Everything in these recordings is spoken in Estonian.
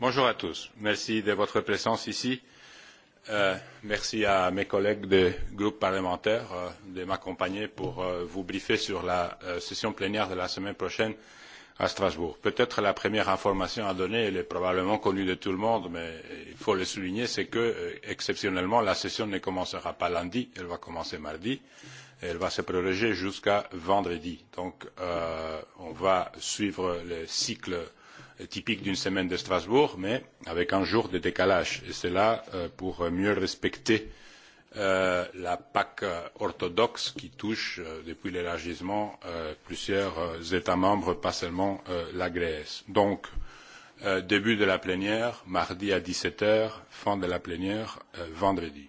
bonjour à tous merci de votre présence ici euh, merci à mes collègues des groupes parlementaires euh, de m'accompagner pour euh, vous briefer sur la euh, session plénière de la semaine prochaine à strasbourg. peut être la première information à donner elle est probablement connue de tout le monde mais il faut le souligner c'est que euh, exceptionnellement la session ne commencera pas lundi elle va commencer mardi et elle va se proroger jusqu'à vendredi. donc euh, on va suivre le cycle Euh, typique d'une semaine de Strasbourg, mais avec un jour de décalage. Et cela euh, pour mieux respecter euh, la PAC orthodoxe qui touche, euh, depuis l'élargissement, euh, plusieurs euh, États membres, pas seulement euh, la Grèce. Donc, euh, début de la plénière, mardi à 17h, fin de la plénière, euh, vendredi.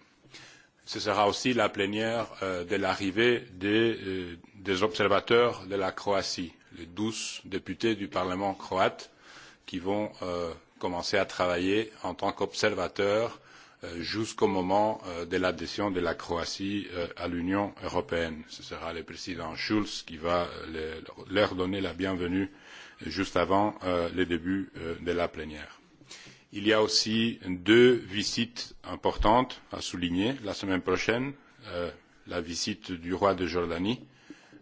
Ce sera aussi la plénière euh, de l'arrivée des, euh, des observateurs de la Croatie, les douze députés du Parlement croate qui vont euh, commencer à travailler en tant qu'observateurs euh, jusqu'au moment euh, de l'adhésion de la Croatie euh, à l'Union européenne. Ce sera le président Schulz qui va euh, les, leur donner la bienvenue euh, juste avant euh, le début euh, de la plénière. Il y a aussi deux visites importantes à souligner la semaine prochaine, euh, la visite du roi de Jordanie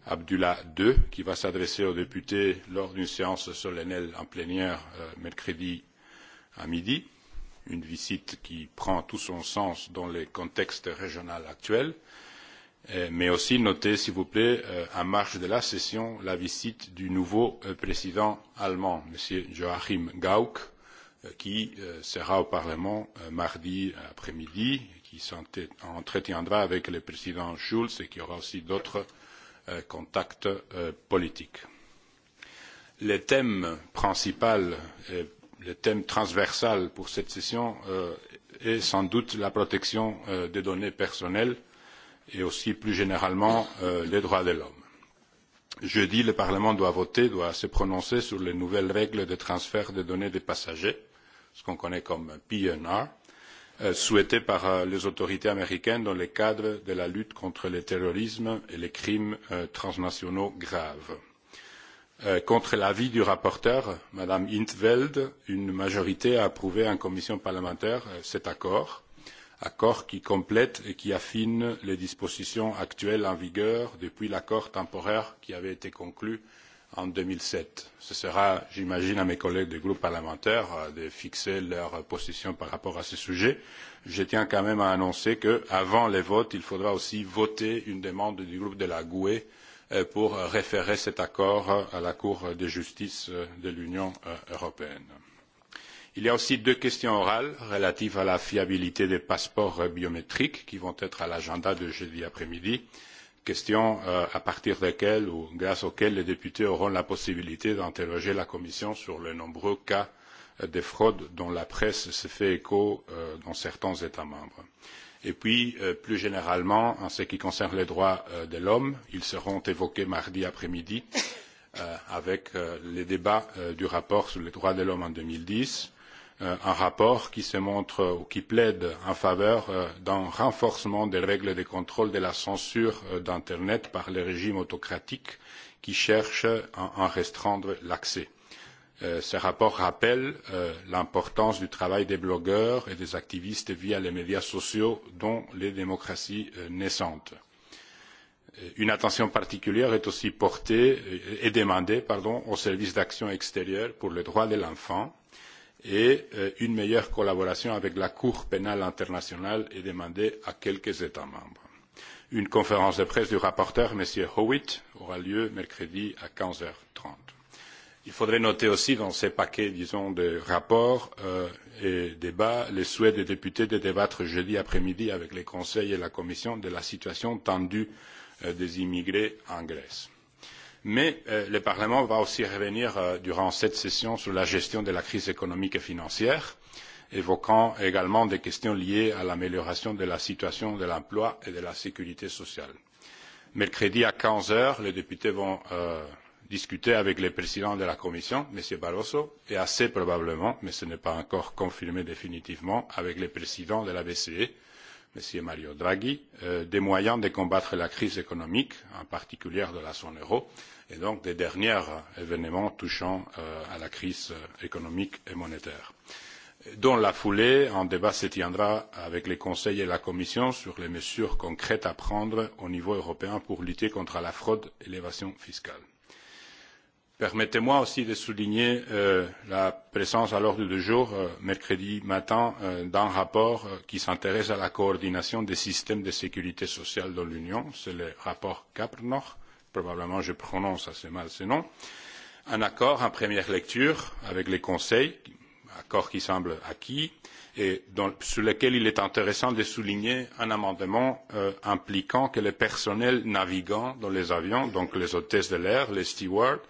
Abdullah II, qui va s'adresser aux députés lors d'une séance solennelle en plénière euh, mercredi à midi, une visite qui prend tout son sens dans le contexte régional actuel, eh, mais aussi notez, s'il vous plaît, euh, en marge de la session, la visite du nouveau euh, président allemand, M. Joachim Gauck, euh, qui euh, sera au Parlement euh, mardi après-midi, qui s'entretiendra avec le président Schulz et qui aura aussi d'autres euh, Euh, contact euh, politique. Le thème principal, et euh, le thème transversal pour cette session est sans doute la protection des données personnelles et aussi plus généralement les droits de l'homme. Jeudi, le Parlement doit voter, doit se prononcer sur les nouvelles règles de transfert des données des passagers, ce qu'on connaît comme PNR, Euh, souhaitée par euh, les autorités américaines dans le cadre de la lutte contre le terrorisme et les crimes euh, transnationaux graves. Contre l'avis du rapporteur, Mme In't Veld, une majorité a approuvé en commission parlementaire cet accord, accord qui complète et qui affine les dispositions actuelles en vigueur depuis l'accord temporaire qui avait été conclu en deux mille sept ce sera j'imagine à mes collègues des groupes parlementaires euh, de fixer leur position par rapport à ce sujet. je tiens quand même à annoncer qu'avant le vote il faudra aussi voter une demande du groupe de la gue euh, pour référer cet accord euh, à la cour de justice de l'union européenne. il y a aussi deux questions orales relatives à la fiabilité des passeports biométriques qui vont être à l'agenda de jeudi après midi et questions euh, à partir desquelles ou grâce auxquelles les députés auront la possibilité d'interroger la Commission sur les nombreux cas euh, de fraude dont la presse se fait écho euh, dans certains États membres. Et puis, euh, plus généralement, en ce qui concerne les droits euh, de l'homme, ils seront évoqués mardi après-midi euh, avec euh, les débats euh, du rapport sur les droits de l'homme en 2010 euh, un rapport qui se montre ou qui plaide en faveur euh, d'un renforcement des règles de contrôle de la censure euh, d'Internet par les régimes autocratiques qui cherchent à en restreindre l'accès. Euh, ce rapport rappelle euh, l'importance du travail des blogueurs et des activistes via les médias sociaux dans les démocraties euh, naissantes. Euh, une attention particulière est aussi portée euh, et demandée pardon, au service d'action extérieure pour les droits de l'enfant, et euh, une meilleure collaboration avec la Cour pénale internationale est demandée à quelques États membres. Une conférence de presse du rapporteur, M. Howitt, aura lieu mercredi à 15h30. Il faudrait noter aussi dans ces paquets, disons, de rapports euh, et débats, le souhait des députés de débattre jeudi après-midi avec les conseils et la commission de la situation tendue euh, des immigrés en Grèce mais euh, le parlement va aussi revenir euh, durant cette session sur la gestion de la crise économique et financière évoquant également des questions liées à l'amélioration de la situation de l'emploi et de la sécurité sociale. mercredi à quinze heures les députés vont euh, discuter avec le président de la commission m. barroso et assez probablement mais ce n'est pas encore confirmé définitivement avec le président de la bce M. Mario Draghi, euh, des moyens de combattre la crise économique, en particulier de la zone euro, et donc des derniers événements touchant euh, à la crise euh, économique et monétaire. Dans la foulée, un débat se tiendra avec les conseils et la Commission sur les mesures concrètes à prendre au niveau européen pour lutter contre la fraude et l'évasion fiscale permettez moi aussi de souligner euh, la présence à l'ordre du jour euh, mercredi matin euh, d'un rapport euh, qui s'intéresse à la coordination des systèmes de sécurité sociale dans l'union c'est le rapport caprnoch probablement je prononce assez mal ce nom un accord en première lecture avec le conseil accord qui semble acquis et dans, sur lequel il est intéressant de souligner un amendement euh, impliquant que le personnel navigant dans les avions donc les hôtesses de l'air les stewards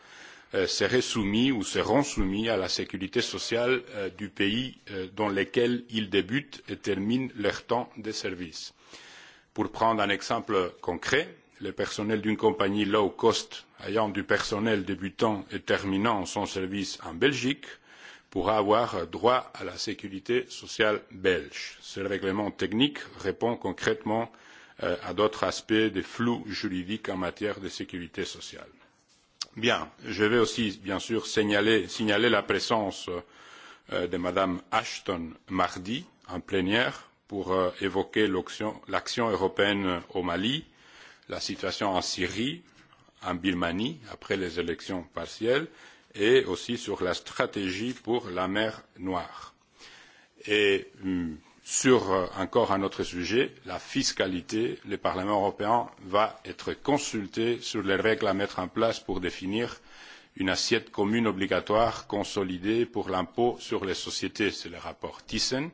Euh, seraient soumis ou seront soumis à la sécurité sociale euh, du pays euh, dans lequel ils débutent et terminent leur temps de service. Pour prendre un exemple concret, le personnel d'une compagnie low cost ayant du personnel débutant et terminant son service en Belgique pourra avoir droit à la sécurité sociale belge. Ce règlement technique répond concrètement euh, à d'autres aspects des flous juridiques en matière de sécurité sociale Bien, je vais aussi, bien sûr, signaler, signaler la présence euh, de Madame Ashton mardi en plénière pour euh, évoquer l'action européenne au Mali, la situation en Syrie, en Birmanie après les élections partielles et aussi sur la stratégie pour la mer Noire. Et hum, Sur euh, encore un autre sujet, la fiscalité, le Parlement européen va être consulté sur les règles à mettre en place pour définir une assiette commune obligatoire consolidée pour l'impôt sur les sociétés. C'est le rapport Thyssen,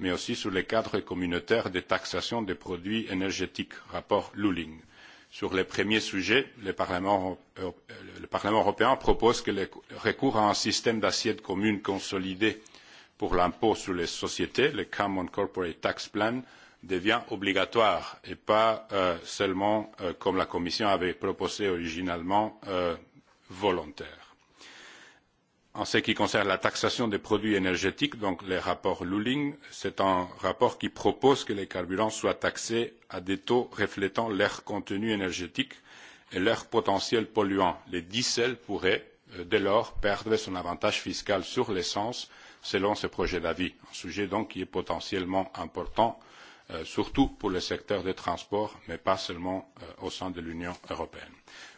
mais aussi sur le cadre communautaire de taxation des produits énergétiques, rapport Luling. Sur les premiers sujets, le Parlement, euh, le Parlement européen propose que le recours à un système d'assiette commune consolidée pour l'impôt sur les sociétés, le Common Corporate Tax Plan, devient obligatoire et pas euh, seulement, euh, comme la Commission avait proposé originalement, euh, volontaire. En ce qui concerne la taxation des produits énergétiques, donc le rapport Luling, c'est un rapport qui propose que les carburants soient taxés à des taux reflétant leur contenu énergétique et leur potentiel polluant. Les diesels pourraient, euh, dès lors, perdre son avantage fiscal sur l'essence euh, selon ce projet d'avis. Un sujet donc qui est potentiellement important, euh, surtout pour le secteur des transports, mais pas seulement euh, au sein de l'Union européenne.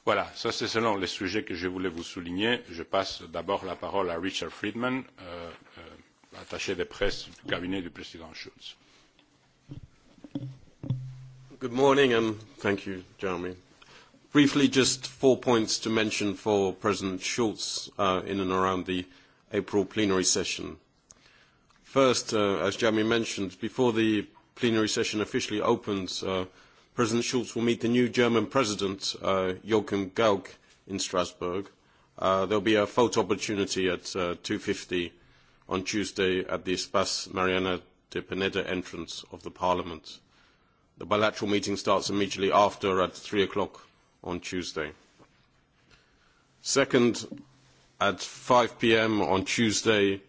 Voilà, ça c'est selon les sujets que je voulais vous souligner. Je passe d'abord la parole à Richard Friedman, euh, euh, attaché de presse du cabinet du président Schulz. Good morning and thank you, Jeremy. Briefly, just four points to mention for President Schulz uh, in and around the April plenary session. First, uh, as Jamie mentioned, before the plenary session officially opens, uh, President Schulz will meet the new German President, uh, Joachim Gauck, in Strasbourg. Uh, there'll be a photo opportunity at uh, 2.50 on Tuesday at the Espace Mariana de Pineda entrance of the Parliament. The bilateral meeting starts immediately after at 3 o'clock on Tuesday. Second, at 5 p.m. on Tuesday,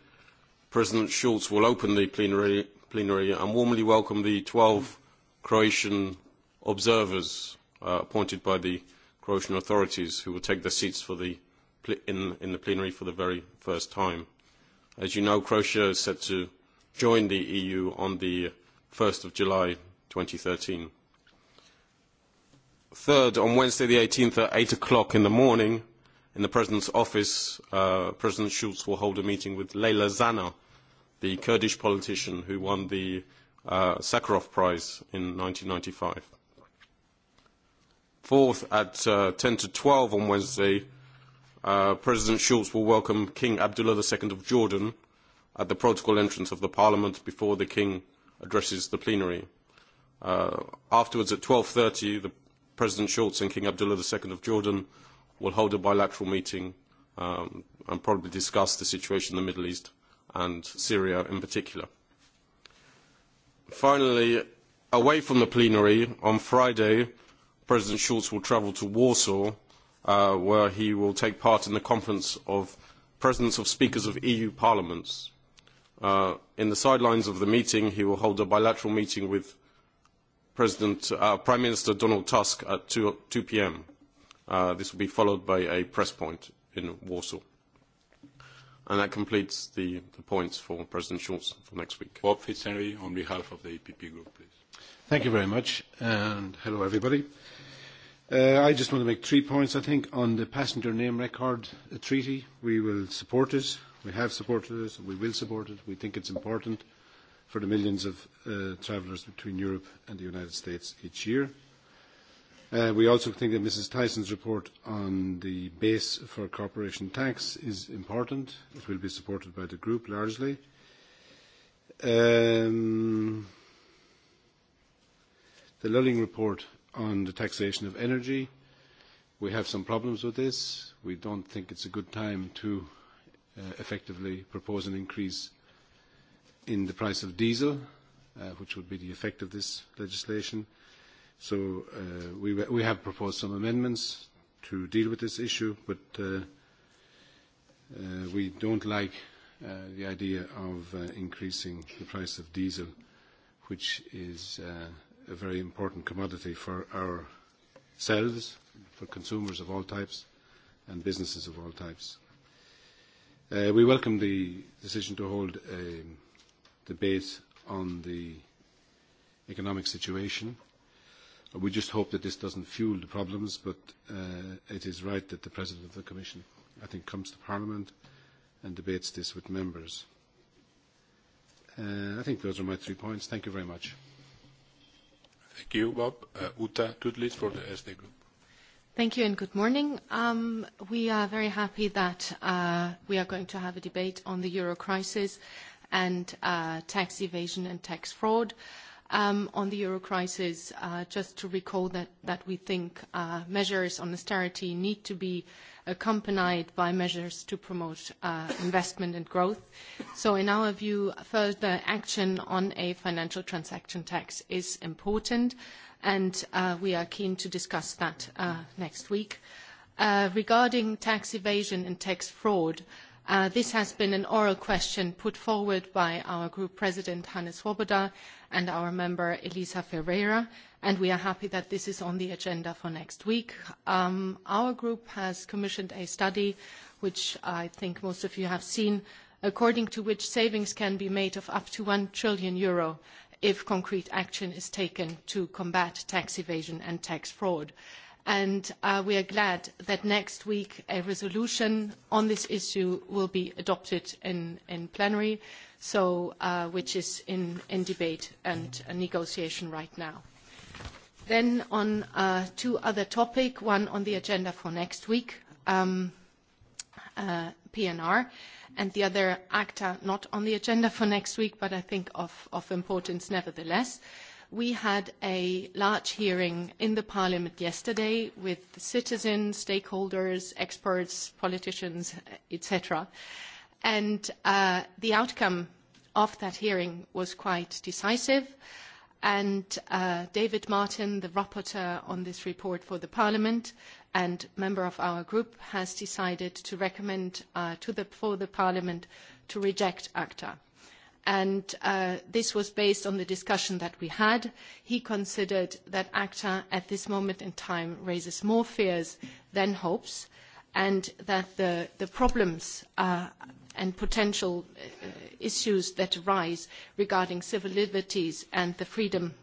President Schulz will open the plenary, plenary and warmly welcome the 12 Croatian observers uh, appointed by the Croatian authorities who will take their seats for the, in, in the plenary for the very first time. As you know, Croatia is set to join the EU on the 1st of July 2013. Third, on Wednesday the 18th at 8 o'clock in the morning, in the President's office, uh, President Schulz will hold a meeting with Leyla Zana, the Kurdish politician who won the uh, Sakharov Prize in 1995. Fourth, at uh, 10 to 12 on Wednesday, uh, President Schulz will welcome King Abdullah II of Jordan at the protocol entrance of the Parliament before the King addresses the plenary. Uh, afterwards, at 12.30, the President Schulz and King Abdullah II of Jordan uh, we'll hold a bilateral meeting um, and probably discuss the situation in the Middle East and Syria in particular. Finally, away from the plenary, on Friday, President Schulz will travel to Warsaw, uh, where he will take part in the conference of presidents of speakers of EU parliaments. Uh, in the sidelines of the meeting, he will hold a bilateral meeting with President, uh, Prime Minister Donald Tusk at 2, 2 p.m. Uh, this will be followed by a press point in Warsaw. And that completes the, the points for President Schulz for next week. Bob Fitzhenry on behalf of the EPP group, please. Thank you very much, and hello, everybody. Uh, I just want to make three points, I think, on the passenger name record uh, treaty. We will support it. We have supported it. We will support it. We think it's important for the millions of uh, travelers between Europe and the United States each year. Uh, Uh, we also think that Mrs. Tyson's report on the base for corporation tax is important. It will be supported by the group largely. Um, the Lulling report on the taxation of energy. We have some problems with this. We don't think it's a good time to uh, effectively propose an increase in the price of diesel, uh, which would be the effect of this legislation. Uh, So uh, we, we have proposed some amendments to deal with this issue, but uh, uh, we don't like uh, the idea of uh, increasing the price of diesel, which is uh, a very important commodity for ourselves, for consumers of all types and businesses of all types. Uh, we welcome the decision to hold a debate on the economic situation uh, We just hope that this doesn't fuel the problems, but uh, it is right that the President of the Commission, I think, comes to Parliament and debates this with members. Uh, I think those are my three points. Thank you very much. Thank you, Bob. Uh, Uta Tudlis for the SD Group. Thank you and good morning. Um, we are very happy that uh, we are going to have a debate on the euro crisis and uh, tax evasion and tax fraud. Uh, Um, on the euro crisis, uh, just to recall that, that we think uh, measures on austerity need to be accompanied by measures to promote uh, investment and growth. So in our view, further action on a financial transaction tax is important, and uh, we are keen to discuss that uh, next week. Uh, regarding tax evasion and tax fraud, Uh, this has been an oral question put forward by our group president, Hannes Swoboda, and our member, Elisa Ferreira, and we are happy that this is on the agenda for next week. Um, our group has commissioned a study, which I think most of you have seen, according to which savings can be made of up to 1 trillion euro if concrete action is taken to combat tax evasion and tax fraud. Uh, and uh, we are glad that next week a resolution on this issue will be adopted in, in plenary, so, uh, which is in, in debate and uh, negotiation right now. Then on uh, two other topics, one on the agenda for next week, um, uh, PNR, and the other ACTA, not on the agenda for next week, but I think of, of importance nevertheless. Uh, We had a large hearing in the parliament yesterday with citizens, stakeholders, experts, politicians, etc. And uh, the outcome of that hearing was quite decisive. And uh, David Martin, the rapporteur on this report for the Parliament and member of our group, has decided to recommend uh, to the, for the Parliament to reject ACTA and uh, this was based on the discussion that we had. He considered that ACTA at this moment in time raises more fears than hopes, and that the, the problems uh, and potential uh, issues that arise regarding civil liberties and the freedom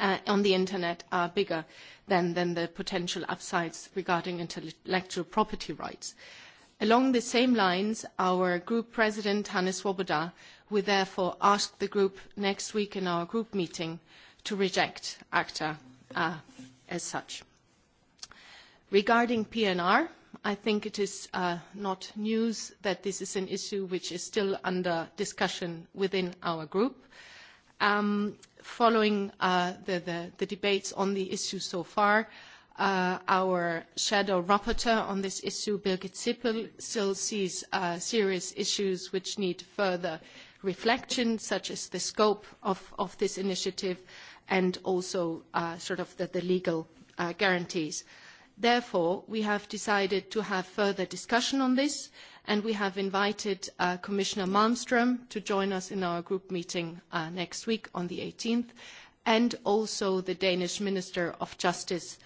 uh, on the internet are bigger than, than the potential upsides regarding intellectual property rights. Uh, Along the same lines, our group president, Hannes Swoboda, will therefore ask the group next week in our group meeting to reject ACTA uh, as such. Regarding PNR, I think it is uh, not news that this is an issue which is still under discussion within our group. Um, following uh, the, the, the debates on the issue so far, Uh, our shadow rapporteur on this issue, Birgit Sippel, still sees uh, serious issues which need further reflection, such as the scope of, of this initiative and also uh, sort of the, the legal uh, guarantees. Therefore, we have decided to have further discussion on this, and we have invited uh, Commissioner Malmström to join us in our group meeting uh, next week on the 18th, and also the Danish Minister of Justice uh,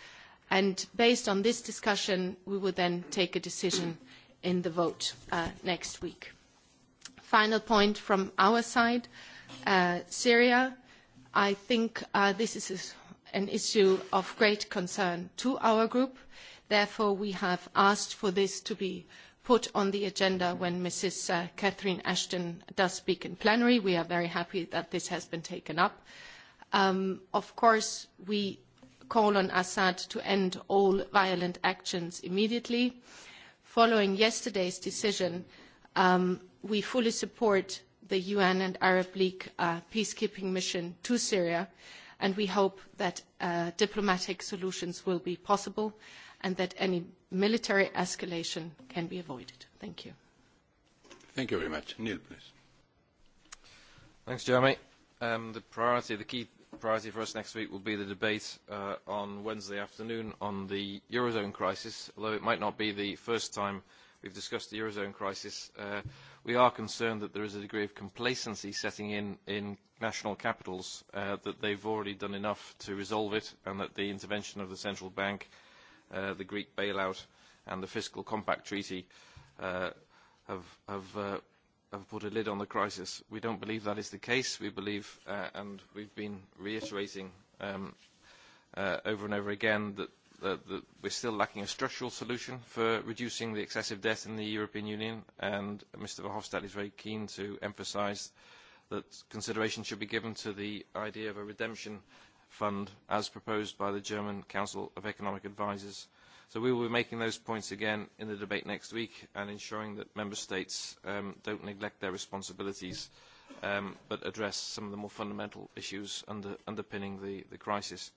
And based on this discussion, we will then take a decision in the vote uh, next week. Final point from our side, uh, Syria. I think uh, this is an issue of great concern to our group. Therefore, we have asked for this to be put on the agenda when Mrs. Uh, Catherine Ashton does speak in plenary. We are very happy that this has been taken up. Um, of course, we call on Assad to end all violent actions immediately. Following yesterday's decision, um, we fully support the UN and Arab League uh, peacekeeping mission to Syria, and we hope that uh, diplomatic solutions will be possible and that any military escalation can be avoided. Thank you. Thank you very much. Neil, please. Thanks, Jeremy. Um, the priority, the key priority for us next week will be the debate uh, on Wednesday afternoon on the Eurozone crisis. Although it might not be the first time we've discussed the Eurozone crisis, uh, we are concerned that there is a degree of complacency setting in in national capitals, uh, that they've already done enough to resolve it, and that the intervention of the central bank, uh, the Greek bailout, and the fiscal compact treaty uh, have, have uh, have put a lid on the crisis. We don't believe that is the case. We believe, uh, and we've been reiterating um, uh, over and over again, that, that, that we're still lacking a structural solution for reducing the excessive debt in the European Union, and Mr Verhofstadt is very keen to emphasise that consideration should be given to the idea of a redemption fund as proposed by the German Council of Economic Advisers uh, So we will be making those points again in the debate next week and ensuring that member states um, don't neglect their responsibilities um, but address some of the more fundamental issues under, underpinning the, the crisis.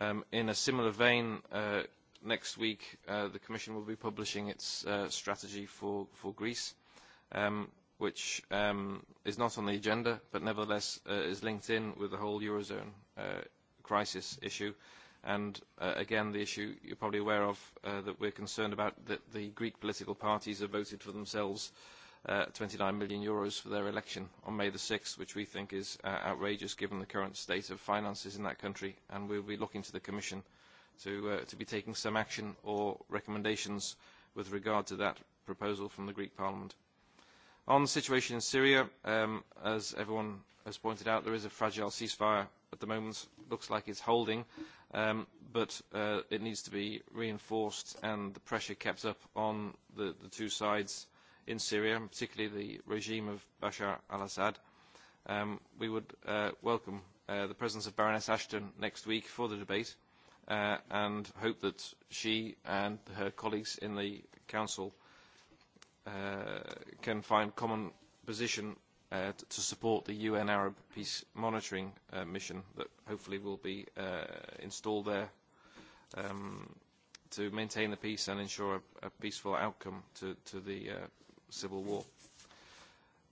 Um, in a similar vein, uh, next week uh, the Commission will be publishing its uh, strategy for, for Greece, um, which um, is not on the agenda but nevertheless uh, is linked in with the whole Eurozone uh, crisis issue. Uh, And uh, again, the issue you're probably aware of uh, that we're concerned about that the Greek political parties have voted for themselves uh, 29 million euros for their election on May the 6th, which we think is uh, outrageous given the current state of finances in that country. And we'll be looking to the Commission to, uh, to be taking some action or recommendations with regard to that proposal from the Greek Parliament. On the situation in Syria, um, as everyone has pointed out, there is a fragile ceasefire at the moment. Looks like it's holding um, but uh, it needs to be reinforced and the pressure kept up on the, the two sides in Syria, and particularly the regime of Bashar al-Assad. Um, we would uh, welcome uh, the presence of Baroness Ashton next week for the debate uh, and hope that she and her colleagues in the Council uh, can find common position uh, to support the UN Arab Peace Monitoring uh, Mission that hopefully will be uh, installed there um, to maintain the peace and ensure a, a peaceful outcome to, to the uh, civil war.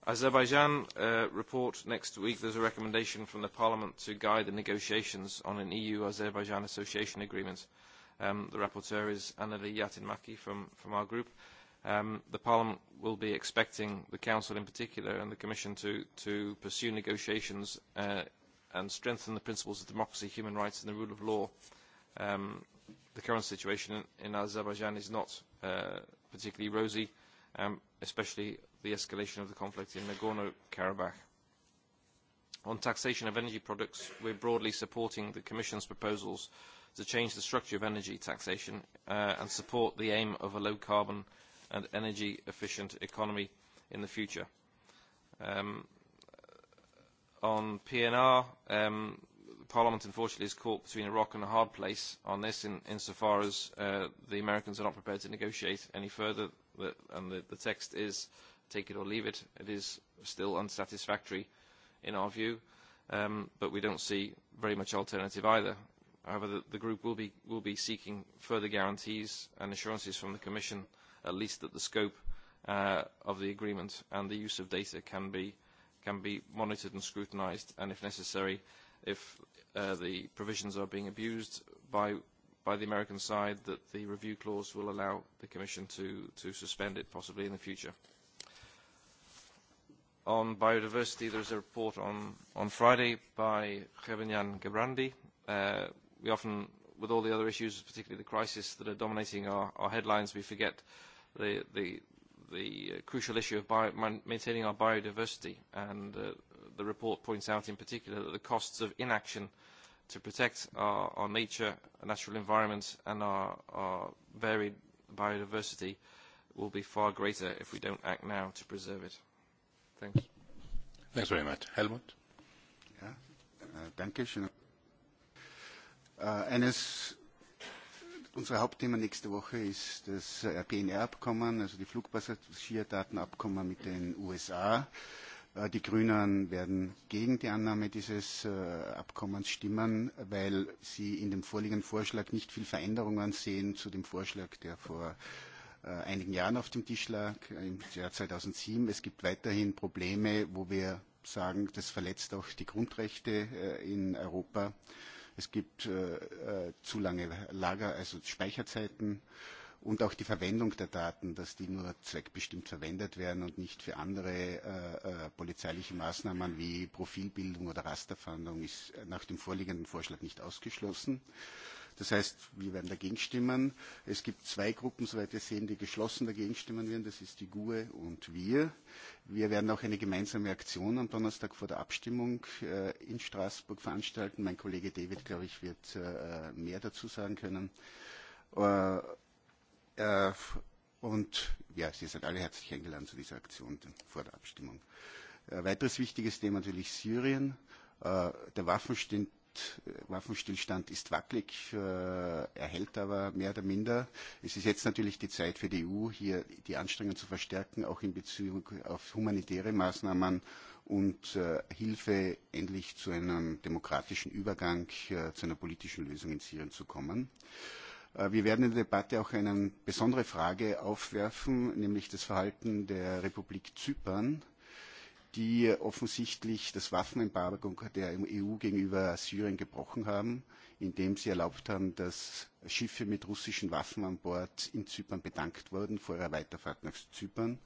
Azerbaijan uh, report next week, there's a recommendation from the Parliament to guide the negotiations on an EU-Azerbaijan association agreement. Um, the rapporteur is Anneli Yatinmaki from, from our group. Uh, Um, the Parliament will be expecting the Council in particular and the Commission to, to pursue negotiations uh, and strengthen the principles of democracy, human rights and the rule of law. Um, the current situation in, in Azerbaijan is not uh, particularly rosy, um, especially the escalation of the conflict in Nagorno-Karabakh. On taxation of energy products, we're broadly supporting the Commission's proposals to change the structure of energy taxation uh, and support the aim of a low-carbon and energy efficient economy in the future. Um, on PNR, um, Parliament unfortunately is caught between a rock and a hard place on this in, insofar as uh, the Americans are not prepared to negotiate any further the, and the, the text is take it or leave it. It is still unsatisfactory in our view, um, but we don't see very much alternative either. However, the, the group will be, will be seeking further guarantees and assurances from the Commission uh, at least that the scope uh, of the agreement and the use of data can be, can be monitored and scrutinized, and if necessary, if uh, the provisions are being abused by, by the American side, that the review clause will allow the Commission to, to suspend it possibly in the future. On biodiversity, there's a report on, on Friday by Jevenyan Gebrandi. Uh, we often with all the other issues, particularly the crisis that are dominating our, our headlines, we forget the, the, the crucial issue of bio, maintaining our biodiversity. And uh, the report points out in particular that the costs of inaction to protect our, our nature, our natural environment, and our, our varied biodiversity will be far greater if we don't act now to preserve it. Thanks. Thanks very much. Helmut? Ja, äh, danke schön. Äh, eines unserer Hauptthema nächste Woche ist das PNR-Abkommen, also die Flugpassagierdatenabkommen mit den USA. Äh, die Grünen werden gegen die Annahme dieses äh, Abkommens stimmen, weil sie in dem vorliegenden Vorschlag nicht viel Veränderungen sehen zu dem Vorschlag, der vor einigen Jahren auf dem Tisch lag, im Jahr 2007. Es gibt weiterhin Probleme, wo wir sagen, das verletzt auch die Grundrechte in Europa. Äh, Es gibt äh, äh, zu lange Lager, also Speicherzeiten und auch die Verwendung der Daten, dass die nur zweckbestimmt verwendet werden und nicht für andere äh, äh, polizeiliche Maßnahmen wie Profilbildung oder Rasterfahndung ist nach dem vorliegenden Vorschlag nicht ausgeschlossen. Äh, Das heißt, wir werden dagegen stimmen. Es gibt zwei Gruppen, soweit wir sehen, die geschlossen dagegen stimmen werden. Das ist die GUE und wir. Wir werden auch eine gemeinsame Aktion am Donnerstag vor der Abstimmung äh, in Straßburg veranstalten. Mein Kollege David, glaube ich, wird äh, mehr dazu sagen können. Äh, äh, und ja, Sie sind alle herzlich eingeladen zu dieser Aktion vor der Abstimmung. Äh, weiteres wichtiges Thema natürlich Syrien. Äh, der Waffenstillstand Waffenstillstand ist wackelig, äh, erhält aber mehr oder minder. Es ist jetzt natürlich die Zeit für die EU, hier die Anstrengungen zu verstärken, auch in Bezug auf humanitäre Maßnahmen und äh, Hilfe, endlich zu einem demokratischen Übergang, äh, zu einer politischen Lösung in Syrien zu kommen. Äh, wir werden in der Debatte auch eine besondere Frage aufwerfen, nämlich das Verhalten der Republik Zypern die offensichtlich das Waffenembargo der EU gegenüber Syrien gebrochen haben, indem sie erlaubt haben, dass Schiffe mit russischen Waffen an Bord in Zypern bedankt wurden vor ihrer Weiterfahrt nach Zypern.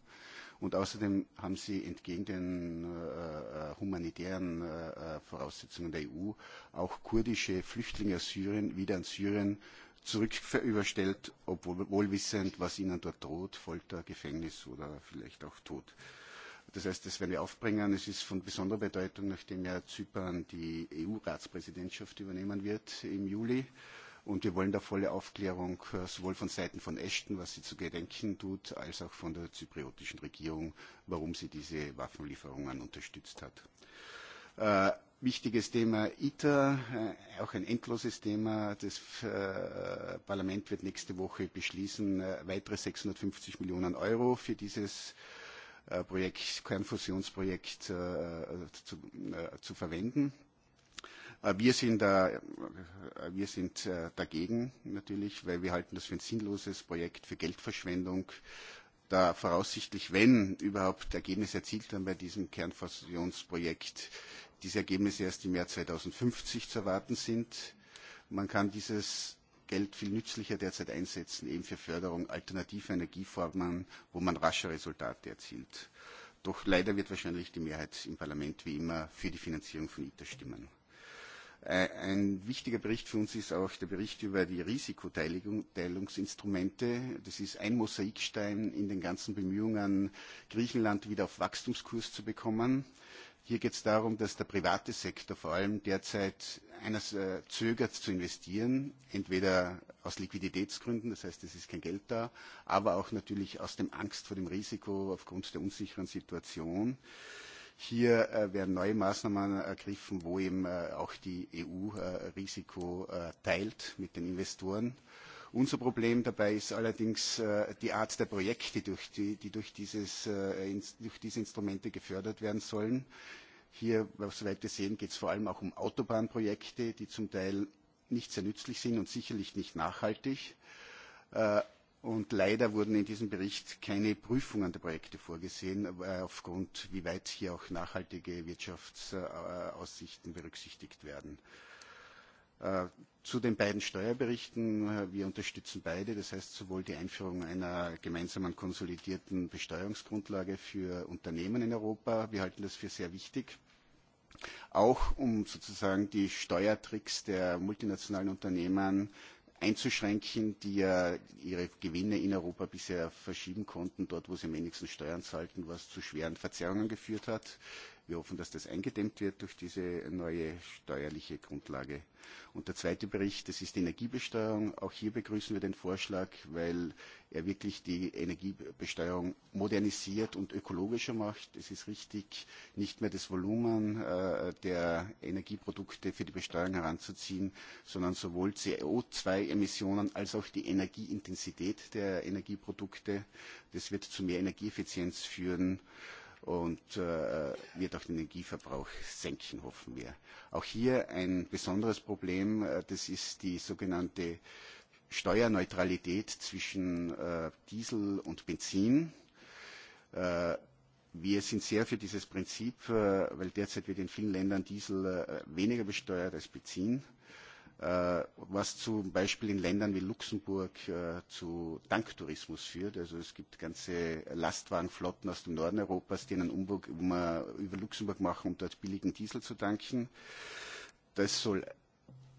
Und außerdem haben sie entgegen den äh, äh humanitären äh, äh, Voraussetzungen der EU auch kurdische Flüchtlinge aus Syrien wieder an Syrien zurücküberstellt, obwohl wohlwissend, was ihnen dort droht, Folter, Gefängnis oder vielleicht auch Tod. Äh, Das heißt, das werden wir aufbringen. Es ist von besonderer Bedeutung, nachdem ja Zypern die EU-Ratspräsidentschaft übernehmen wird im Juli. Und wir wollen da volle Aufklärung äh, sowohl von Seiten von Ashton, was sie zu gedenken tut, als auch von der zypriotischen Regierung, warum sie diese Waffenlieferungen unterstützt hat. Äh, wichtiges Thema ITER, äh, auch ein endloses Thema. Das äh, Parlament wird nächste Woche beschließen, äh, weitere 650 Millionen Euro für dieses äh, äh, Projekt, Kernfusionsprojekt äh, zu, äh, zu verwenden. Äh, wir sind, äh, wir sind äh, dagegen natürlich, weil wir halten das für ein sinnloses Projekt, für Geldverschwendung. Da voraussichtlich, wenn überhaupt Ergebnisse erzielt werden bei diesem Kernfusionsprojekt, diese Ergebnisse erst im Jahr 2050 zu erwarten sind. Man kann dieses Geld viel nützlicher derzeit einsetzen, eben für Förderung alternativer Energieformen, wo man rascher Resultate erzielt. Doch leider wird wahrscheinlich die Mehrheit im Parlament wie immer für die Finanzierung von ITER stimmen. Äh, ein wichtiger Bericht für uns ist auch der Bericht über die Risikoteilungsinstrumente. Das ist ein Mosaikstein in den ganzen Bemühungen, Griechenland wieder auf Wachstumskurs zu bekommen. Äh, Hier geht es darum, dass der private Sektor vor allem derzeit eines äh, zögert zu investieren, entweder aus Liquiditätsgründen, das heißt, es ist kein Geld da, aber auch natürlich aus dem Angst vor dem Risiko aufgrund der unsicheren Situation. Hier äh, werden neue Maßnahmen ergriffen, wo eben äh, auch die EU äh, Risiko äh, teilt mit den Investoren. Äh, Unser Problem dabei ist allerdings äh, die Art der Projekte, durch die, die durch, dieses, äh, ins, durch diese Instrumente gefördert werden sollen. Hier, soweit wir sehen, geht es vor allem auch um Autobahnprojekte, die zum Teil nicht sehr nützlich sind und sicherlich nicht nachhaltig. Äh, Und leider wurden in diesem Bericht keine Prüfungen der Projekte vorgesehen, äh, aufgrund, wie weit hier auch nachhaltige Wirtschaftsaussichten berücksichtigt werden. Äh, Äh, zu den beiden Steuerberichten. Äh, wir unterstützen beide. Das heißt sowohl die Einführung einer gemeinsamen konsolidierten Besteuerungsgrundlage für Unternehmen in Europa. Wir halten das für sehr wichtig. Auch um sozusagen die Steuertricks der multinationalen Unternehmen einzuschränken, die ja ihre Gewinne in Europa bisher verschieben konnten, dort wo sie am wenigsten Steuern zahlten, was zu schweren Verzerrungen geführt hat. Wir hoffen, dass das eingedämmt wird durch diese neue steuerliche Grundlage. Und der zweite Bericht, das ist die Energiebesteuerung. Auch hier begrüßen wir den Vorschlag, weil er wirklich die Energiebesteuerung modernisiert und ökologischer macht. Es ist richtig, nicht mehr das Volumen äh, der Energieprodukte für die Besteuerung heranzuziehen, sondern sowohl CO2-Emissionen als auch die Energieintensität der Energieprodukte. Das wird zu mehr Energieeffizienz führen. Äh, und äh, wird auch den Energieverbrauch senken, hoffen wir. Auch hier ein besonderes Problem, äh, das ist die sogenannte Steuerneutralität zwischen äh, Diesel und Benzin. Äh, wir sind sehr für dieses Prinzip, äh, weil derzeit wird in vielen Ländern Diesel äh, weniger besteuert als Benzin. Äh, äh, was zum Beispiel in Ländern wie Luxemburg äh, zu Tanktourismus führt. Also es gibt ganze Lastwagenflotten aus dem Norden Europas, die einen Umbug um, uh, über Luxemburg machen, um dort billigen Diesel zu tanken. Das soll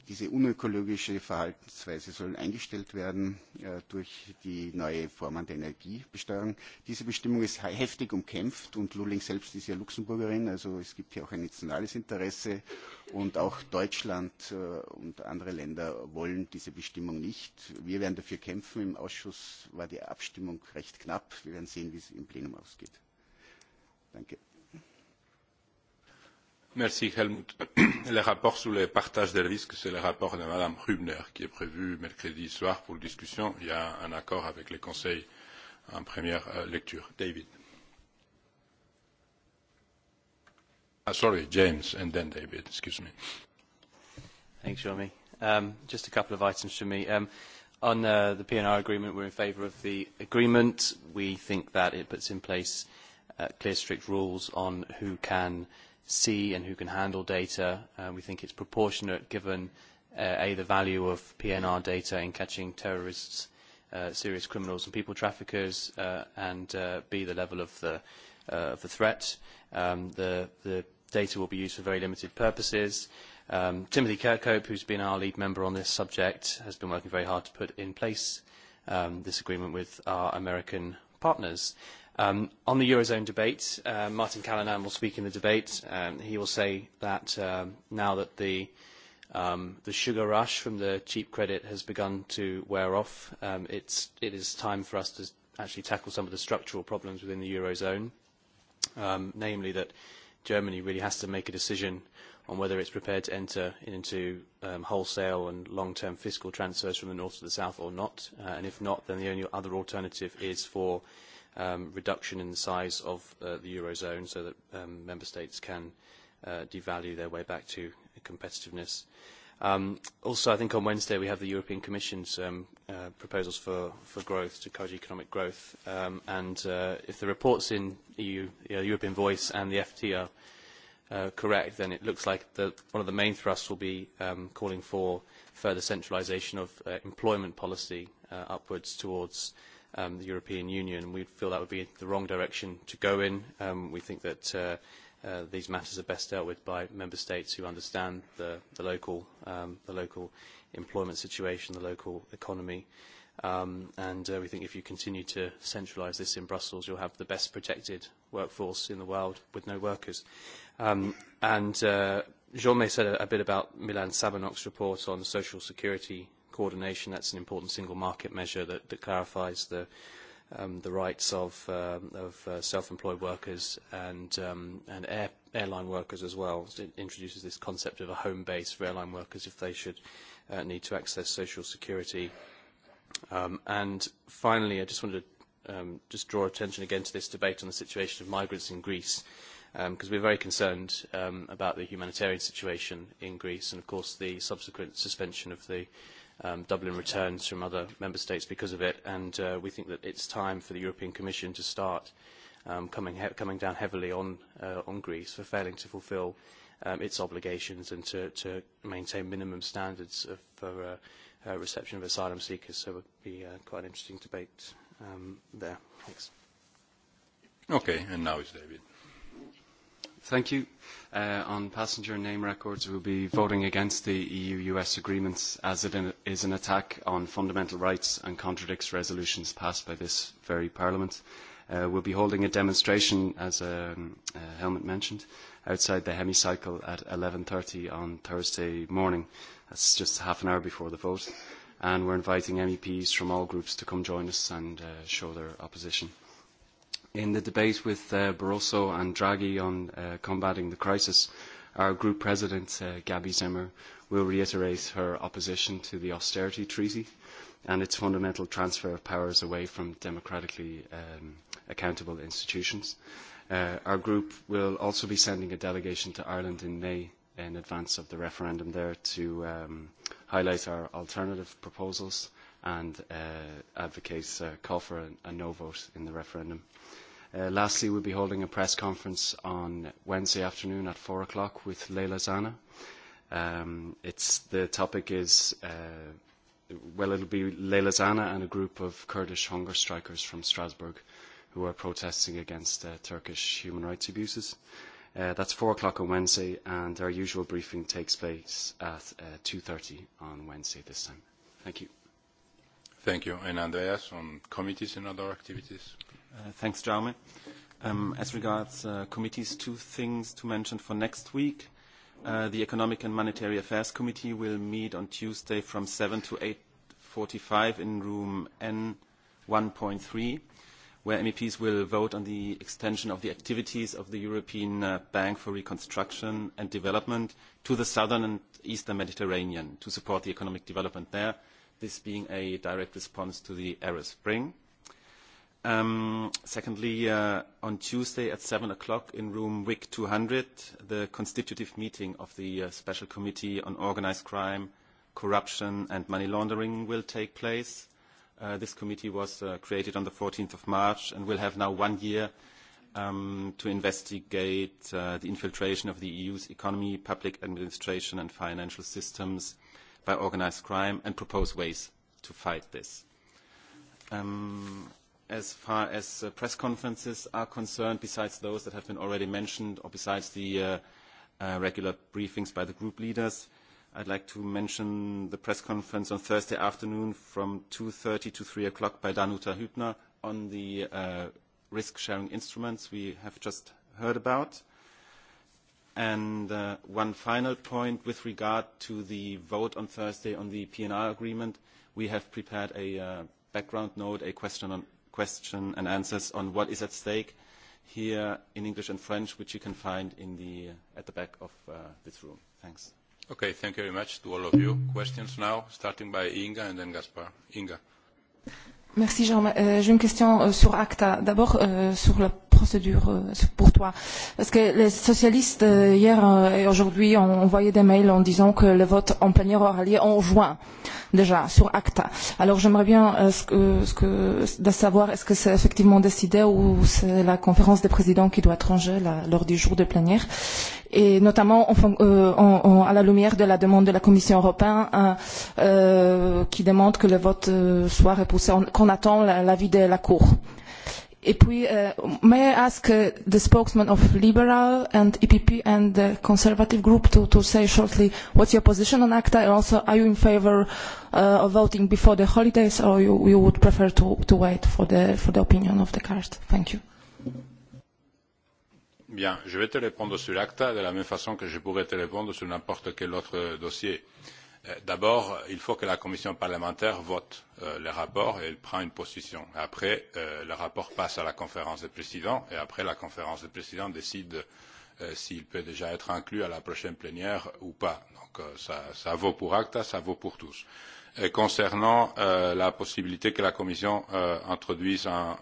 diese unökologische Verhaltensweise soll eingestellt werden äh, durch die neue Form an der Energiebesteuerung. Diese Bestimmung ist heftig umkämpft und Lulling selbst ist ja Luxemburgerin, also es gibt hier auch ein nationales Interesse und auch Deutschland äh, und andere Länder wollen diese Bestimmung nicht. Wir werden dafür kämpfen. Im Ausschuss war die Abstimmung recht knapp. Wir werden sehen, wie es im Plenum ausgeht. Danke. Merci Helmut. le rapport sur le partage des risques, c'est le rapport de Madame Rubner qui est prévu mercredi soir pour discussion. Il y a un accord avec le Conseil en première euh, lecture. David. Ah, sorry, James, and then David. Excuse me. Thanks, Jeremy. Um, just a couple of items from me. Um, on uh, the PNR agreement, we're in favour of the agreement. We think that it puts in place uh, clear, strict rules on who can uh, see and who can handle data. Uh, we think it's proportionate given uh, A, the value of PNR data in catching terrorists, uh, serious criminals and people traffickers, uh, and uh, B, the level of the, uh, of the threat. Um, the, the data will be used for very limited purposes. Um, Timothy Kirkhope, who's been our lead member on this subject, has been working very hard to put in place um, this agreement with our American partners. Um, on the Eurozone debate, uh, Martin Callanan will speak in the debate. Um, he will say that um, now that the, um, the sugar rush from the cheap credit has begun to wear off, um, it's, it is time for us to actually tackle some of the structural problems within the Eurozone, um, namely that Germany really has to make a decision on whether it's prepared to enter into um, wholesale and long-term fiscal transfers from the north to the south or not. Uh, and if not, then the only other alternative is for uh, um, reduction in the size of uh, the eurozone so that um, member states can uh, devalue their way back to competitiveness. Um, also, I think on Wednesday we have the European Commission's um, uh, proposals for, for growth, to encourage economic growth. Um, and uh, if the reports in EU, you uh, know, European Voice and the FT are uh, correct, then it looks like the, one of the main thrusts will be um, calling for further centralisation of uh, employment policy uh, upwards towards uh, um, the European Union. We feel that would be the wrong direction to go in. Um, we think that uh, uh, these matters are best dealt with by member states who understand the, the, local, um, the local employment situation, the local economy. Um, and uh, we think if you continue to centralise this in Brussels, you'll have the best protected workforce in the world with no workers. Um, and uh, Jean-May said a, a bit about Milan Sabanok's report on social security coordination. That's an important single market measure that, that clarifies the, um, the rights of, uh, of uh, self-employed workers and, um, and air, airline workers as well. So it introduces this concept of a home base for airline workers if they should uh, need to access social security. Um, and finally, I just wanted to um, just draw attention again to this debate on the situation of migrants in Greece because um, we're very concerned um, about the humanitarian situation in Greece and, of course, the subsequent suspension of the um, Dublin returns from other member states because of it, and uh, we think that it's time for the European Commission to start um, coming, he coming down heavily on, uh, on Greece for failing to fulfil um, its obligations and to, to maintain minimum standards of, for uh, uh, reception of asylum seekers. So it would be uh, quite an interesting debate um, there. Thanks. Okay, and now it's David. Thank you. Uh, on passenger name records, we'll be voting against the EU-US agreements as it in, is an attack on fundamental rights and contradicts resolutions passed by this very Parliament. Uh, we'll be holding a demonstration, as um, uh, Helmut mentioned, outside the hemicycle at 11.30 on Thursday morning. That's just half an hour before the vote. And we're inviting MEPs from all groups to come join us and uh, show their opposition. Uh, in the debate with uh, Barroso and Draghi on uh, combating the crisis, our group president, uh, Gabby Zimmer, will reiterate her opposition to the austerity treaty and its fundamental transfer of powers away from democratically um, accountable institutions. Uh, our group will also be sending a delegation to Ireland in May in advance of the referendum there to um, highlight our alternative proposals and uh, advocates uh, call for a, a no vote in the referendum. Uh, lastly, we'll be holding a press conference on Wednesday afternoon at 4 o'clock with Leila Zana. Um, it's, the topic is, uh, well, it'll be Leila Zana and a group of Kurdish hunger strikers from Strasbourg who are protesting against uh, Turkish human rights abuses. Uh, that's 4 o'clock on Wednesday, and our usual briefing takes place at uh, 2.30 on Wednesday this time. Thank you. Thank you. And Andreas, on committees and other activities? Uh, thanks, Jaume. Um, as regards uh, committees, two things to mention for next week. Uh, the Economic and Monetary Affairs Committee will meet on Tuesday from 7 to 8.45 in room N1.3, where MEPs will vote on the extension of the activities of the European uh, Bank for Reconstruction and Development to the southern and eastern Mediterranean to support the economic development there. Uh, this being a direct response to the Arab Spring. Um, secondly, uh, on Tuesday at 7 o'clock in room WIC 200, the constitutive meeting of the uh, Special Committee on Organized Crime, Corruption and Money Laundering will take place. Uh, this committee was uh, created on the 14th of March and will have now one year um, to investigate uh, the infiltration of the EU's economy, public administration and financial systems – by organized crime and propose ways to fight this. Um, as far as uh, press conferences are concerned, besides those that have been already mentioned, or besides the uh, uh, regular briefings by the group leaders, I'd like to mention the press conference on Thursday afternoon from 2.30 to 3 o'clock by Danuta Hübner on the uh, risk-sharing instruments we have just heard about. Uh, And uh, one final point with regard to the vote on Thursday on the PNR agreement, we have prepared a uh, background note, a question, on, question and answers on what is at stake here in English and French, which you can find in the, uh, at the back of uh, this room. Thanks. Okay, thank you very much to all of you. Questions now, starting by Inga and then Gaspar. Inga. Merci Jean. Euh, J'ai une question euh, sur ACTA. D'abord, euh, sur la procédure euh, pour toi Parce que les socialistes, euh, hier euh, et aujourd'hui, ont envoyé des mails en disant que le vote en plénière aura lieu en juin, déjà, sur ACTA. Alors j'aimerais bien ce que, ce que, de savoir est-ce que c'est effectivement décidé ou c'est la conférence des présidents qui doit trancher la, lors du jour de plénière et notamment en, euh, en, en, à la lumière de la demande de la Commission européenne hein, euh, qui demande que le vote euh, soit repoussé, qu'on attend l'avis de la Cour. Euh, Et puis, uh, may I ask uh, the spokesman of Liberal and EPP and the Conservative group to, to say shortly what's your position on ACTA and also are you in favor uh, of voting before the holidays or you, you would prefer to, to wait for the, for the opinion of the card? Thank you. Bien, je vais te répondre sur l'ACTA de la même façon que je pourrais te répondre sur n'importe quel autre euh, dossier. Euh, Euh, d'abord, il faut que la commission parlementaire vote euh, le rapport et elle prend une position. Après, euh, le rapport passe à la conférence des présidents et après, la conférence des présidents décide euh, s'il peut déjà être inclus à la prochaine plénière ou pas. Donc, euh, ça, ça vaut pour ACTA, ça vaut pour tous. Et concernant euh, la possibilité que la commission euh, introduise un,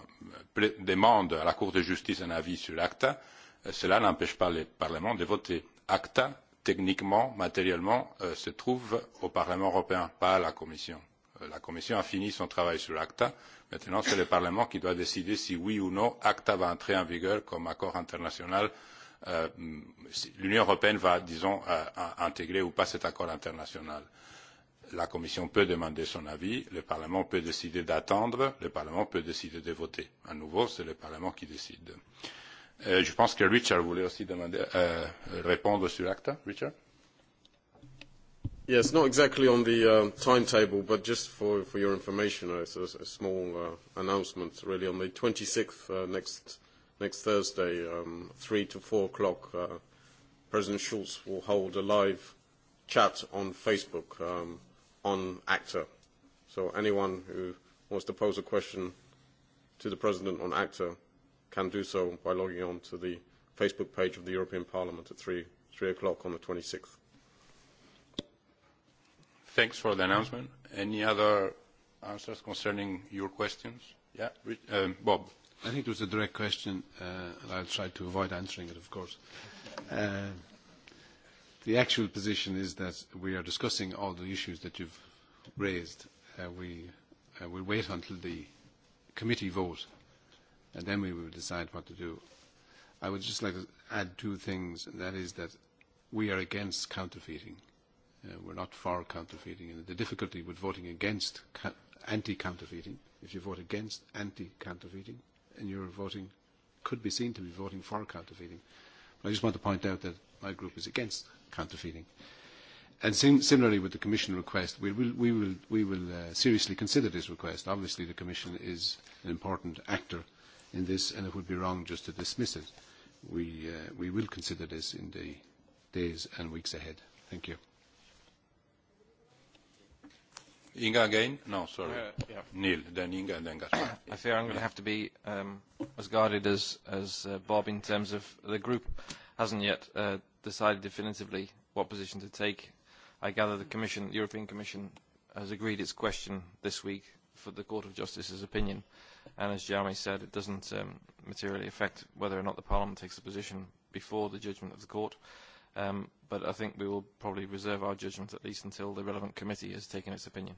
demande à la Cour de justice un avis sur ACTA, euh, cela n'empêche pas les parlements de voter. ACTA techniquement, matériellement, euh, se trouve au Parlement européen, pas à la Commission. Euh, la Commission a fini son travail sur ACTA. Maintenant, c'est le Parlement qui doit décider si oui ou non ACTA va entrer en vigueur comme accord international. Euh, si L'Union européenne va, disons, euh, intégrer ou pas cet accord international. La Commission peut demander son avis, le Parlement peut décider d'attendre, le Parlement peut décider de voter. À nouveau, c'est le Parlement qui décide. Euh, Euh, je pense que Richard voulait aussi demander, euh, répondre sur ACTA. Richard? Yes, not exactly on the um, timetable, but just for, for your information, it's a, a small uh, announcement really on the 26th, uh, next, next Thursday, um, 3 to 4 o'clock, uh, President Schulz will hold a live chat on Facebook um, on ACTA. So anyone who wants to pose a question to the President on ACTA can do so by logging on to the Facebook page of the European Parliament at 3, 3 o'clock on the 26th. Thanks for the announcement. Any other answers concerning your questions? Yeah, um, Bob. I think it was a direct question, uh, and I'll try to avoid answering it, of course. Uh, the actual position is that we are discussing all the issues that you've raised. Uh, we uh, will wait until the committee vote uh, and then we will decide what to do. I would just like to add two things, and that is that we are against counterfeiting. Uh, we're not for counterfeiting. And the difficulty with voting against anti-counterfeiting, if you vote against anti-counterfeiting, and you're voting, could be seen to be voting for counterfeiting. But I just want to point out that my group is against counterfeiting. And sim similarly with the Commission request, we will, we will, we will uh, seriously consider this request. Obviously the Commission is an important actor in this, and it would be wrong just to dismiss it. We, uh, we will consider this in the days and weeks ahead. Thank you. Inga again? No, sorry. Uh, yeah. Neil, then Inga, and then Gaspar. I fear I'm going to have to be um, as guarded as, as uh, Bob in terms of the group hasn't yet uh, decided definitively what position to take. I gather the Commission, the European Commission has agreed its question this week for the Court of Justice's opinion. Uh, And as Jeremy said, it doesn't um, materially affect whether or not the Parliament takes a position before the judgment of the court. Um, but I think we will probably reserve our judgment at least until the relevant committee has taken its opinion.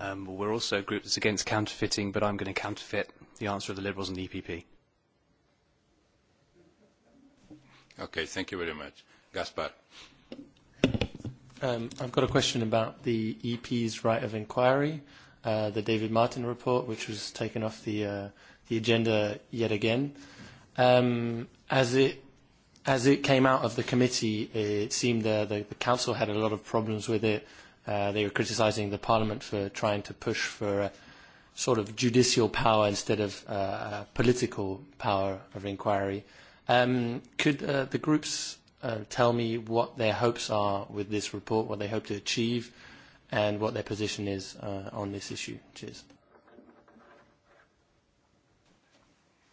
Um, well, we're also a group that's against counterfeiting, but I'm going to counterfeit the answer of the Liberals and the EPP. Okay, thank you very much. Gaspar. Um, I've got a question about the EP's right of inquiry, uh, the David Martin report, which was taken off the, uh, the agenda yet again. Um, as, it, as it came out of the committee, it seemed uh, the, the council had a lot of problems with it. Uh, they were criticising the parliament for trying to push for a sort of judicial power instead of uh, a political power of inquiry. Um, could uh, the groups uh, tell me what their hopes are with this report, what they hope to achieve, and what their position is uh, on this issue. Cheers.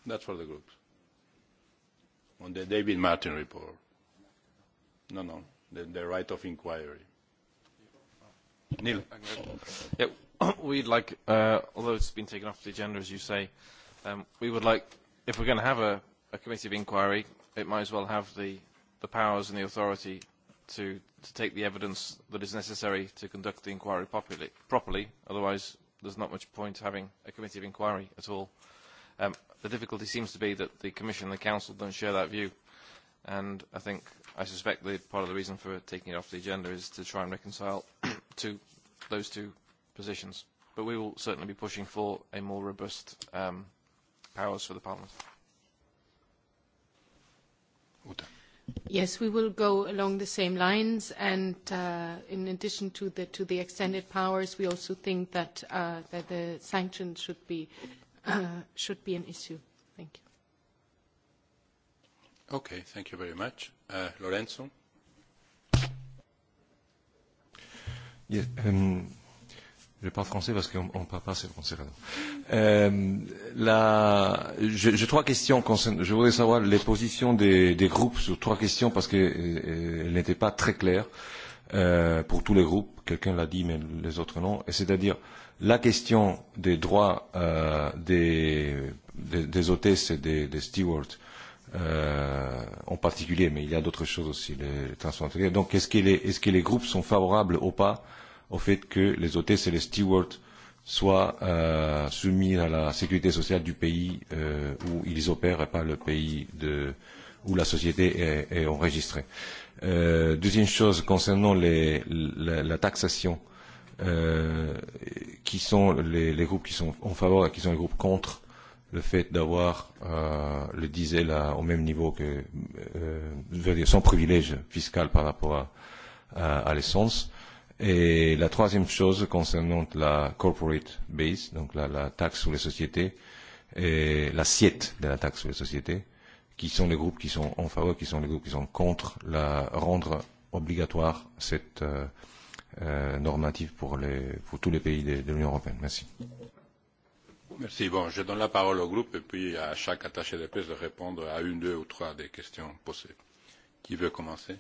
That's for the group. On the David Martin report. No, no, the, the right of inquiry. Neil. Yeah, we'd like, uh, although it's been taken off the agenda, as you say, um, we would like, if we're going to have a, a committee of inquiry, it might as well have the the powers and the authority to, to take the evidence that is necessary to conduct the inquiry properly, properly. Otherwise, there's not much point having a committee of inquiry at all. Um, the difficulty seems to be that the Commission and the Council don't share that view. And I think, I suspect the, part of the reason for taking it off the agenda is to try and reconcile two, those two positions. But we will certainly be pushing for a more robust um, powers for the Parliament. Uta. Yes, we will go along the same lines, and uh, in addition to the, to the extended powers, we also think that, uh, that the sanctions should be, uh, should be an issue. Thank you. Okay. Thank you very much. Uh, Lorenzo? Yes. Um, Je parle français parce qu'on ne parle pas assez français là-dedans. Euh, la, j'ai trois questions. Concern, je voudrais savoir les positions des, des groupes sur trois questions parce qu'elles euh, euh, n'étaient pas très claires euh, pour tous les groupes. Quelqu'un l'a dit, mais les autres non. Et c'est-à-dire la question des droits euh, des, des, des hôtesses et des, des stewards euh, en particulier, mais il y a d'autres choses aussi, les, les transfrontaliers. Donc, est-ce que, les, est-ce que les groupes sont favorables ou pas euh, au fait que les hôtesses et les stewards soient euh, soumis à la sécurité sociale du pays euh, où ils opèrent et pas le pays de, où la société est, est enregistrée. Euh, deuxième chose, concernant les, la, la taxation, euh, qui sont les, les groupes qui sont en faveur et qui sont les groupes contre le fait d'avoir euh, le diesel à, au même niveau que, euh, je veux dire, sans privilège fiscal par rapport à, à, à l'essence. Et la troisième chose concernant la corporate base, donc la, la taxe sur les sociétés, et l'assiette de la taxe sur les sociétés, qui sont les groupes qui sont en faveur, qui sont les groupes qui sont contre la rendre obligatoire cette euh, euh, normative pour, les, pour tous les pays de, de l'Union européenne. Merci. Merci. Bon, je donne la parole au groupe et puis à chaque attaché de presse de répondre à une, deux ou trois des questions posées. Qui veut commencer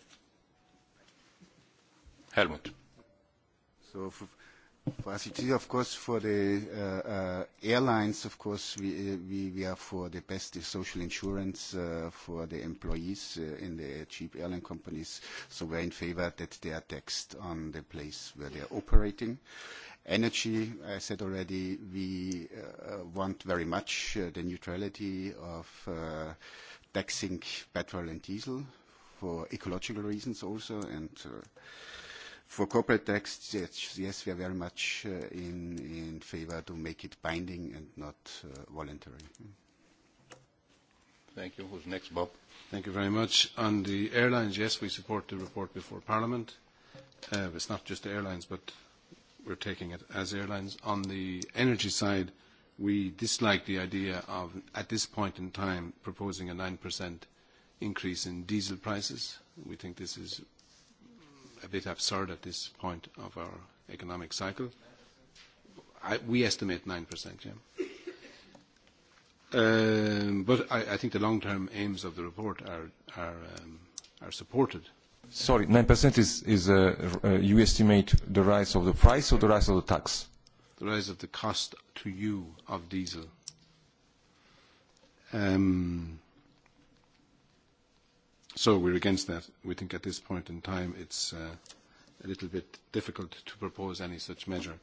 Helmut. So for, for ICT, of course, for the uh, uh, airlines, of course, we, uh, we, we are for the best social insurance uh, for the employees uh, in the cheap airline companies. So we're in favor that they are taxed on the place where they are operating. Energy, I said already, we uh, uh, want very much uh, the neutrality of uh, taxing petrol and diesel for ecological reasons also, and uh, For corporate tax, yes, yes, we are very much uh, in, in favor to make it binding and not uh, voluntary. Mm. Thank you. Who's next, Bob? Thank you very much. On the airlines, yes, we support the report before Parliament. Uh, it's not just the airlines, but we're taking it as airlines. On the energy side, we dislike the idea of, at this point in time, proposing a 9% increase in diesel prices. We think this is a bit absurd at this point of our economic cycle. I, we estimate 9%, yeah. Um, but I, I think the long-term aims of the report are, are, um, are supported. Sorry, 9% is, is uh, uh, you estimate the rise of the price or the rise of the tax? The rise of the cost to you of diesel. Um, So we're against that. We think at this point in time it's uh, a little bit difficult to propose any such measure.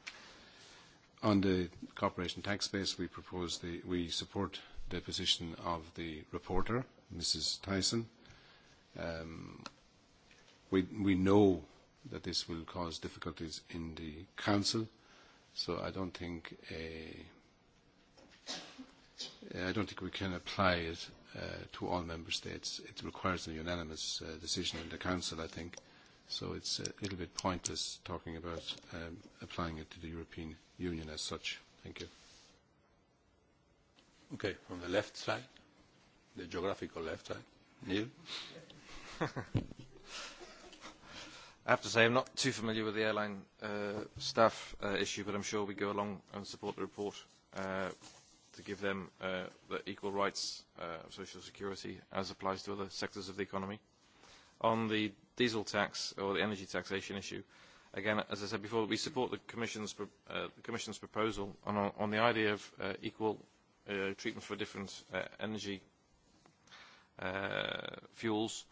On the corporation tax base, we propose the, we support the position of the reporter, Mrs. Tyson. Um, we, we know that this will cause difficulties in the council, so I don't think a, I don't think we can apply it uh, to all member states. It requires a unanimous uh, decision in the Council, I think. So it's a little bit pointless talking about um, applying it to the European Union as such. Thank you. Okay, from the left side, the geographical left side. Neil? I have to say I'm not too familiar with the airline uh, staff uh, issue, but I'm sure we go along and support the report uh, to give them uh, the equal rights uh, of social security as applies to other sectors of the economy. On the diesel tax or the energy taxation issue, again, as I said before, we support the Commission's, uh, the commission's proposal on, on the idea of uh, equal uh, treatment for different uh, energy uh, fuels.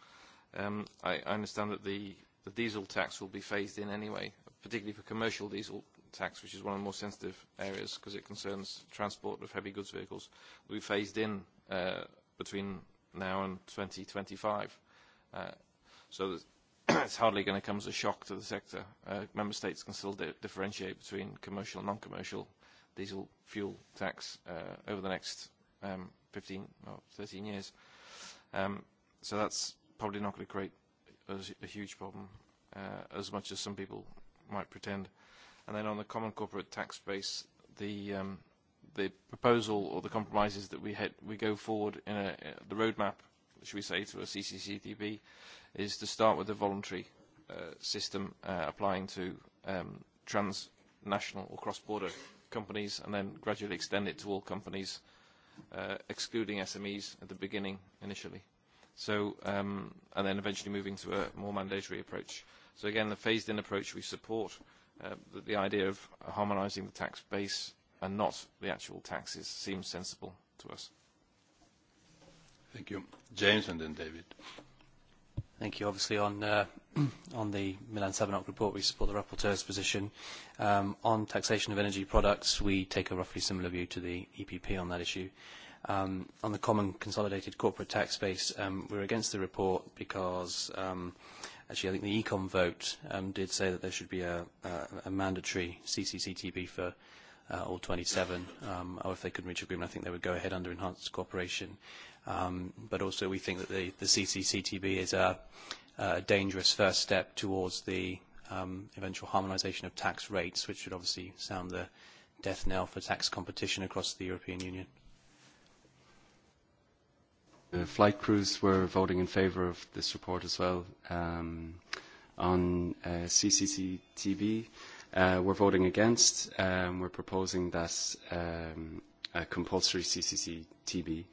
Um, I, I understand that the, the diesel tax will be phased in anyway, particularly for commercial diesel tax, which is one of the more sensitive areas because it concerns transport of heavy goods vehicles, will be phased in uh, between now and 2025. Uh, so it's hardly going to come as a shock to the sector. Uh, member states can still di differentiate between commercial and non-commercial diesel fuel tax uh, over the next um, 15 or 13 years. Um, so that's probably not going to create a, a huge problem uh, as much as some people might pretend. Uh, And then on the common corporate tax base, the um, the proposal or the compromises that we head, we go forward in a, the roadmap, should we say, to a CCCTB, is to start with a voluntary uh, system uh, applying to um, transnational or cross-border companies, and then gradually extend it to all companies, uh, excluding SMEs at the beginning initially. So, um, and then eventually moving to a more mandatory approach. So again, the phased-in approach we support. Uh, uh, the, the idea of harmonising the tax base and not the actual taxes seems sensible to us. Thank you. James and then David. Thank you. Obviously, on, uh, on the Milan Savinok report, we support the rapporteur's position. Um, on taxation of energy products, we take a roughly similar view to the EPP on that issue. Um, on the common consolidated corporate tax base, um, we're against the report because um, uh, actually I think the Econ vote um, did say that there should be a, a, a mandatory CCCTB for uh, all 27, um, or oh, if they couldn't reach agreement, I think they would go ahead under enhanced cooperation. Um, but also we think that the, the CCCTB is a, a dangerous first step towards the um, eventual harmonisation of tax rates, which should obviously sound the death knell for tax competition across the European Union the flight crews were voting in favour of this report as well. Um, on uh, CCTV, uh, we're voting against. Um, we're proposing that um, a compulsory CCTV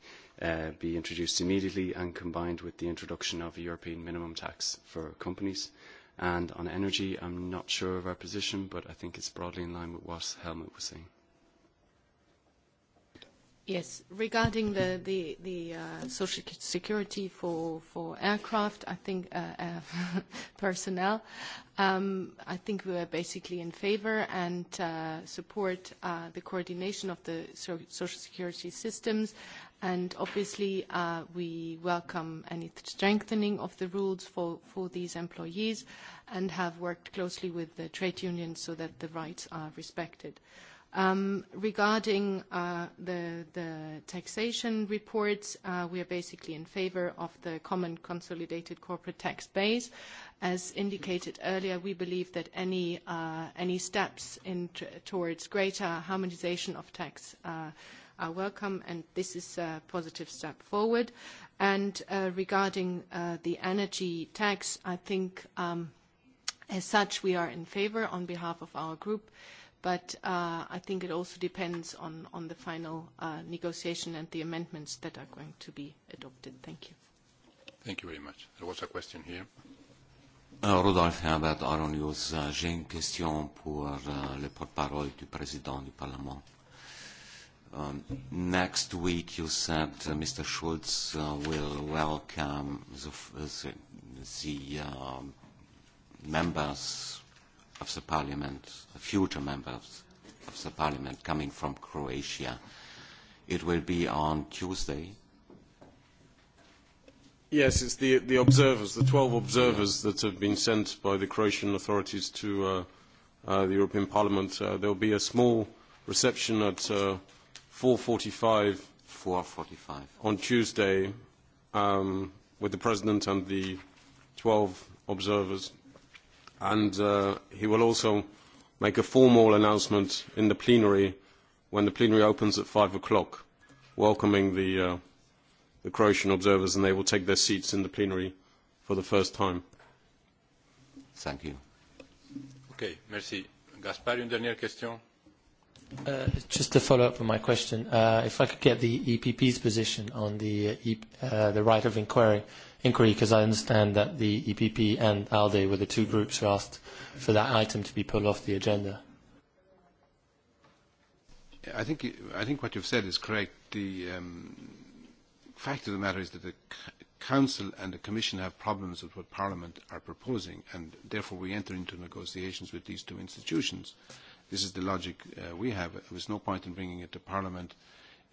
uh, be introduced immediately and combined with the introduction of a European minimum tax for companies. And on energy, I'm not sure of our position, but I think it's broadly in line with what Helmut was saying. Yes. Regarding the, the, the uh, social security for, for aircraft, I think uh, uh, personnel, um, I think we are basically in favor and uh, support uh, the coordination of the so social security systems. And obviously, uh, we welcome any strengthening of the rules for, for these employees and have worked closely with the trade unions so that the rights are respected. Uh, Um, regarding uh, the, the taxation reports, uh, we are basically in favor of the common consolidated corporate tax base. As indicated earlier, we believe that any, uh, any steps towards greater harmonization of tax uh, are welcome, and this is a positive step forward. And, uh, regarding uh, the energy tax, I think, um, as such, we are in favor on behalf of our group but uh, I think it also depends on, on the final uh, negotiation and the amendments that are going to be adopted. Thank you. Thank you very much. There was a question here. Uh, Rodolphe Herbert, Aaron News. Uh, J'ai une question pour uh, le porte-parole du président du Parlement. Um, next week, you said uh, Mr. Schulz uh, will welcome the, uh, the, the uh, members of the parliament, a future member of, of the parliament coming from Croatia. It will be on Tuesday. Yes, it's the, the observers, the 12 observers yeah. that have been sent by the Croatian authorities to uh, uh, the European Parliament. Uh, there will be a small reception at uh, 4.45 4.45 on Tuesday um, with the President and the 12 observers and uh, he will also make a formal announcement in the plenary when the plenary opens at 5 o'clock, welcoming the, uh, the Croatian observers, and they will take their seats in the plenary for the first time. Thank you. Okay, merci. Gaspar, une dernière question? Uh, just to follow up on my question, uh, if I could get the EPP's position on the, uh, e uh, the right of inquiry. Uh, inquiry because I understand that the EPP and ALDE were the two groups who asked for that item to be pulled off the agenda. I think, I think what you've said is correct. The um, fact of the matter is that the Council and the Commission have problems with what Parliament are proposing, and therefore we enter into negotiations with these two institutions. This is the logic uh, we have. There was no point in bringing it to Parliament uh,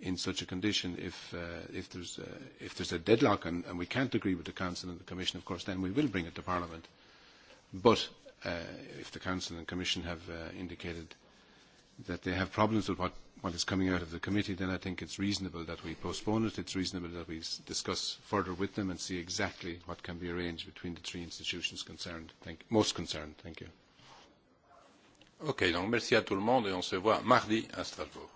in such a condition if, uh, if, there's, uh, if there's a deadlock and, and we can't agree with the Council and the Commission, of course, then we will bring it to Parliament. But uh, if the Council and Commission have uh, indicated that they have problems with what, what is coming out of the committee, then I think it's reasonable that we postpone it. It's reasonable that we s discuss further with them and see exactly what can be arranged between the three institutions concerned, thank, most concerned. Thank you. OK, donc merci à tout le monde et on se voit mardi à Strasbourg.